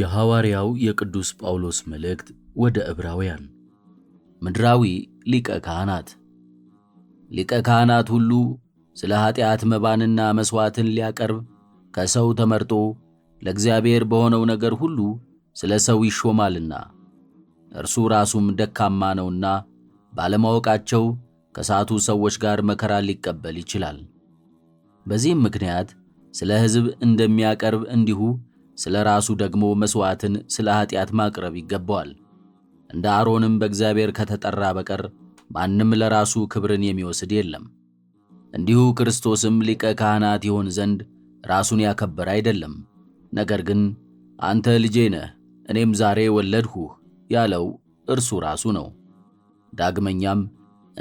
የሐዋርያው የቅዱስ ጳውሎስ መልእክት ወደ ዕብራውያን። ምድራዊ ሊቀ ካህናት። ሊቀ ካህናት ሁሉ ስለ ኀጢአት መባንና መሥዋዕትን ሊያቀርብ ከሰው ተመርጦ ለእግዚአብሔር በሆነው ነገር ሁሉ ስለ ሰው ይሾማልና፣ እርሱ ራሱም ደካማ ነውና ባለማወቃቸው ከሳቱ ሰዎች ጋር መከራ ሊቀበል ይችላል። በዚህም ምክንያት ስለ ሕዝብ እንደሚያቀርብ እንዲሁ ስለ ራሱ ደግሞ መሥዋዕትን ስለ ኀጢአት ማቅረብ ይገባዋል። እንደ አሮንም በእግዚአብሔር ከተጠራ በቀር ማንም ለራሱ ክብርን የሚወስድ የለም። እንዲሁ ክርስቶስም ሊቀ ካህናት ይሆን ዘንድ ራሱን ያከበረ አይደለም፣ ነገር ግን አንተ ልጄ ነህ፣ እኔም ዛሬ ወለድሁህ ያለው እርሱ ራሱ ነው። ዳግመኛም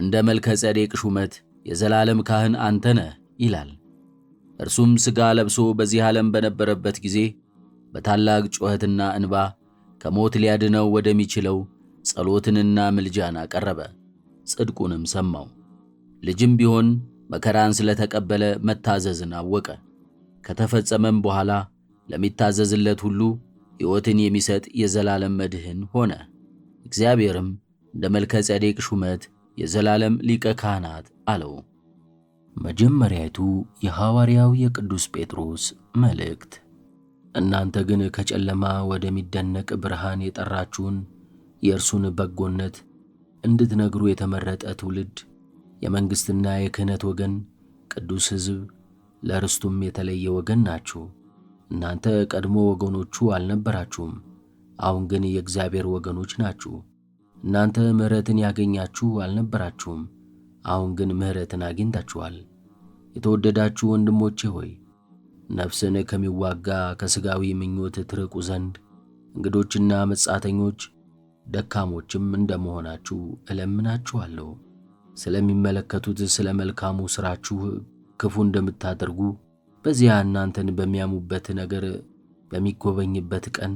እንደ መልከ ጸዴቅ ሹመት የዘላለም ካህን አንተ ነህ ይላል። እርሱም ሥጋ ለብሶ በዚህ ዓለም በነበረበት ጊዜ በታላቅ ጩኸትና እንባ ከሞት ሊያድነው ወደሚችለው ጸሎትንና ምልጃን አቀረበ። ጽድቁንም ሰማው። ልጅም ቢሆን መከራን ስለተቀበለ መታዘዝን አወቀ። ከተፈጸመም በኋላ ለሚታዘዝለት ሁሉ ሕይወትን የሚሰጥ የዘላለም መድህን ሆነ። እግዚአብሔርም እንደ መልከ ጸዴቅ ሹመት የዘላለም ሊቀ ካህናት አለው። መጀመሪያይቱ የሐዋርያው የቅዱስ ጴጥሮስ መልእክት እናንተ ግን ከጨለማ ወደሚደነቅ ብርሃን የጠራችሁን የእርሱን በጎነት እንድትነግሩ የተመረጠ ትውልድ፣ የመንግሥትና የክህነት ወገን፣ ቅዱስ ሕዝብ፣ ለርስቱም የተለየ ወገን ናችሁ። እናንተ ቀድሞ ወገኖቹ አልነበራችሁም፣ አሁን ግን የእግዚአብሔር ወገኖች ናችሁ። እናንተ ምሕረትን ያገኛችሁ አልነበራችሁም፣ አሁን ግን ምሕረትን አግኝታችኋል። የተወደዳችሁ ወንድሞቼ ሆይ ነፍስን ከሚዋጋ ከሥጋዊ ምኞት ትርቁ ዘንድ እንግዶችና መጻተኞች ደካሞችም እንደመሆናችሁ እለምናችኋለሁ። ስለሚመለከቱት ስለ መልካሙ ሥራችሁ ክፉ እንደምታደርጉ በዚያ እናንተን በሚያሙበት ነገር በሚጎበኝበት ቀን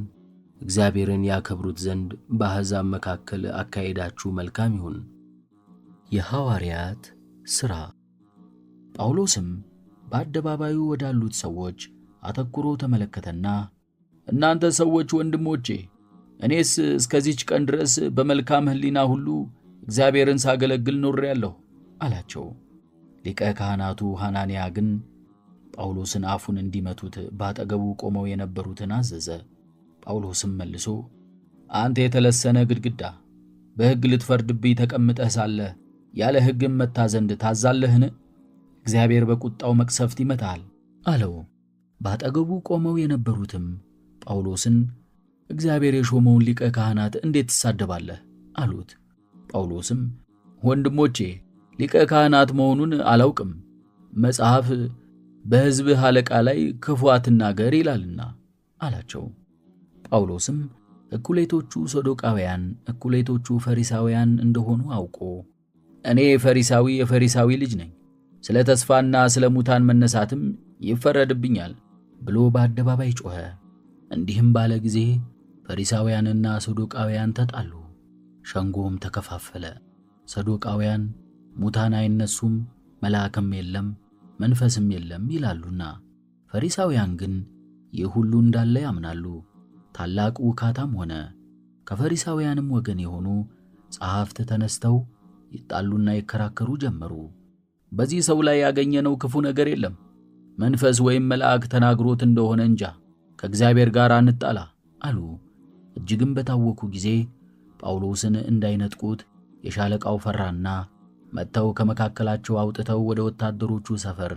እግዚአብሔርን ያከብሩት ዘንድ በአሕዛብ መካከል አካሄዳችሁ መልካም ይሁን። የሐዋርያት ሥራ ጳውሎስም በአደባባዩ ወዳሉት ሰዎች አተኩሮ ተመለከተና እናንተ ሰዎች ወንድሞቼ፣ እኔስ እስከዚች ቀን ድረስ በመልካም ሕሊና ሁሉ እግዚአብሔርን ሳገለግል ኖሬአለሁ አላቸው። ሊቀ ካህናቱ ሐናንያ ግን ጳውሎስን አፉን እንዲመቱት ባጠገቡ ቆመው የነበሩትን አዘዘ። ጳውሎስም መልሶ አንተ የተለሰነ ግድግዳ በሕግ ልትፈርድብኝ ተቀምጠህ ሳለ ያለ ሕግም መታ ዘንድ ታዛለህን? እግዚአብሔር በቁጣው መቅሰፍት ይመታል አለው። በአጠገቡ ቆመው የነበሩትም ጳውሎስን እግዚአብሔር የሾመውን ሊቀ ካህናት እንዴት ትሳደባለህ? አሉት። ጳውሎስም ወንድሞቼ ሊቀ ካህናት መሆኑን አላውቅም፣ መጽሐፍ በሕዝብህ አለቃ ላይ ክፉ አትናገር ይላልና አላቸው። ጳውሎስም እኩሌቶቹ ሰዶቃውያን እኩሌቶቹ ፈሪሳውያን እንደሆኑ አውቆ እኔ ፈሪሳዊ የፈሪሳዊ ልጅ ነኝ ስለ ተስፋና ስለ ሙታን መነሳትም ይፈረድብኛል ብሎ በአደባባይ ጮኸ። እንዲህም ባለ ጊዜ ፈሪሳውያንና ሰዶቃውያን ተጣሉ፣ ሸንጎም ተከፋፈለ። ሰዶቃውያን ሙታን አይነሱም፣ መልአክም የለም፣ መንፈስም የለም ይላሉና፣ ፈሪሳውያን ግን ይህ ሁሉ እንዳለ ያምናሉ። ታላቅ ውካታም ሆነ። ከፈሪሳውያንም ወገን የሆኑ ጸሐፍት ተነስተው ይጣሉና ይከራከሩ ጀመሩ። በዚህ ሰው ላይ ያገኘነው ክፉ ነገር የለም። መንፈስ ወይም መልአክ ተናግሮት እንደሆነ እንጃ። ከእግዚአብሔር ጋር አንጣላ አሉ። እጅግም በታወኩ ጊዜ ጳውሎስን እንዳይነጥቁት የሻለቃው ፈራና መጥተው ከመካከላቸው አውጥተው ወደ ወታደሮቹ ሰፈር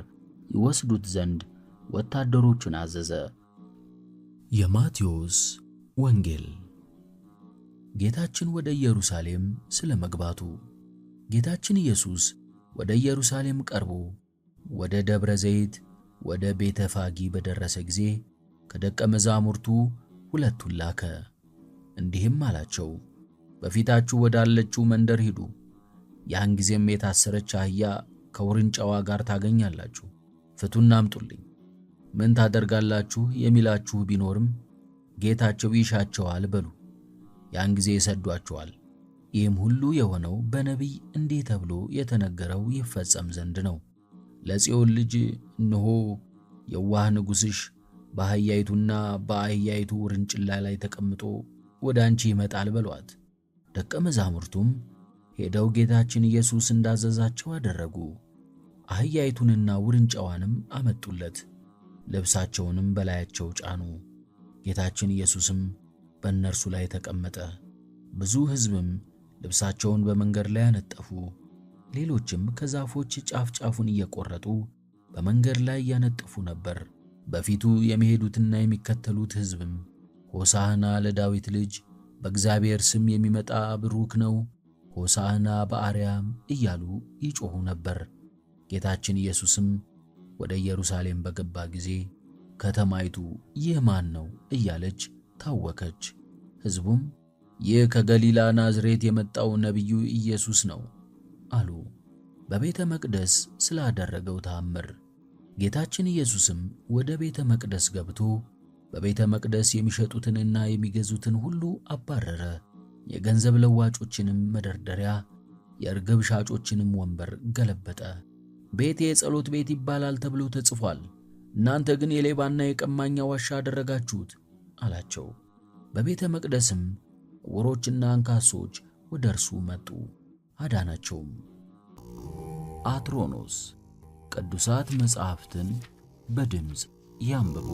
ይወስዱት ዘንድ ወታደሮቹን አዘዘ። የማቴዎስ ወንጌል ጌታችን ወደ ኢየሩሳሌም ስለ መግባቱ ጌታችን ኢየሱስ ወደ ኢየሩሳሌም ቀርቦ ወደ ደብረ ዘይት ወደ ቤተ ፋጊ በደረሰ ጊዜ ከደቀ መዛሙርቱ ሁለቱን ላከ፣ እንዲህም አላቸው፣ በፊታችሁ ወዳለችው መንደር ሂዱ። ያን ጊዜም የታሰረች አህያ ከውርንጫዋ ጋር ታገኛላችሁ፣ ፍቱና አምጡልኝ። ምን ታደርጋላችሁ የሚላችሁ ቢኖርም ጌታቸው ይሻቸዋል በሉ፣ ያን ጊዜ ይሰዷቸዋል። ይህም ሁሉ የሆነው በነቢይ እንዲህ ተብሎ የተነገረው ይፈጸም ዘንድ ነው። ለጽዮን ልጅ እነሆ የዋህ ንጉሥሽ በአህያይቱና በአህያይቱ ውርንጭላ ላይ ተቀምጦ ወደ አንቺ ይመጣል በሏት። ደቀ መዛሙርቱም ሄደው ጌታችን ኢየሱስ እንዳዘዛቸው አደረጉ። አህያይቱንና ውርንጫዋንም አመጡለት፣ ልብሳቸውንም በላያቸው ጫኑ። ጌታችን ኢየሱስም በእነርሱ ላይ ተቀመጠ። ብዙ ሕዝብም ልብሳቸውን በመንገድ ላይ አነጠፉ። ሌሎችም ከዛፎች ጫፍ ጫፉን እየቆረጡ በመንገድ ላይ እያነጠፉ ነበር። በፊቱ የሚሄዱትና የሚከተሉት ሕዝብም ሆሳህና ለዳዊት ልጅ በእግዚአብሔር ስም የሚመጣ ብሩክ ነው፣ ሆሳህና በአርያም እያሉ ይጮኹ ነበር። ጌታችን ኢየሱስም ወደ ኢየሩሳሌም በገባ ጊዜ ከተማይቱ ይህ ማን ነው እያለች ታወከች። ሕዝቡም ይህ ከገሊላ ናዝሬት የመጣው ነቢዩ ኢየሱስ ነው አሉ። በቤተ መቅደስ ስላደረገው ተአምር። ጌታችን ኢየሱስም ወደ ቤተ መቅደስ ገብቶ በቤተ መቅደስ የሚሸጡትንና የሚገዙትን ሁሉ አባረረ። የገንዘብ ለዋጮችንም መደርደሪያ፣ የርግብ ሻጮችንም ወንበር ገለበጠ። ቤት የጸሎት ቤት ይባላል ተብሎ ተጽፏል፣ እናንተ ግን የሌባና የቀማኛ ዋሻ አደረጋችሁት አላቸው። በቤተ መቅደስም ዕውሮችና አንካሶች ወደ እርሱ መጡ፣ አዳናቸውም። አትሮኖስ ቅዱሳት መጻሕፍትን በድምፅ ያንብቡ።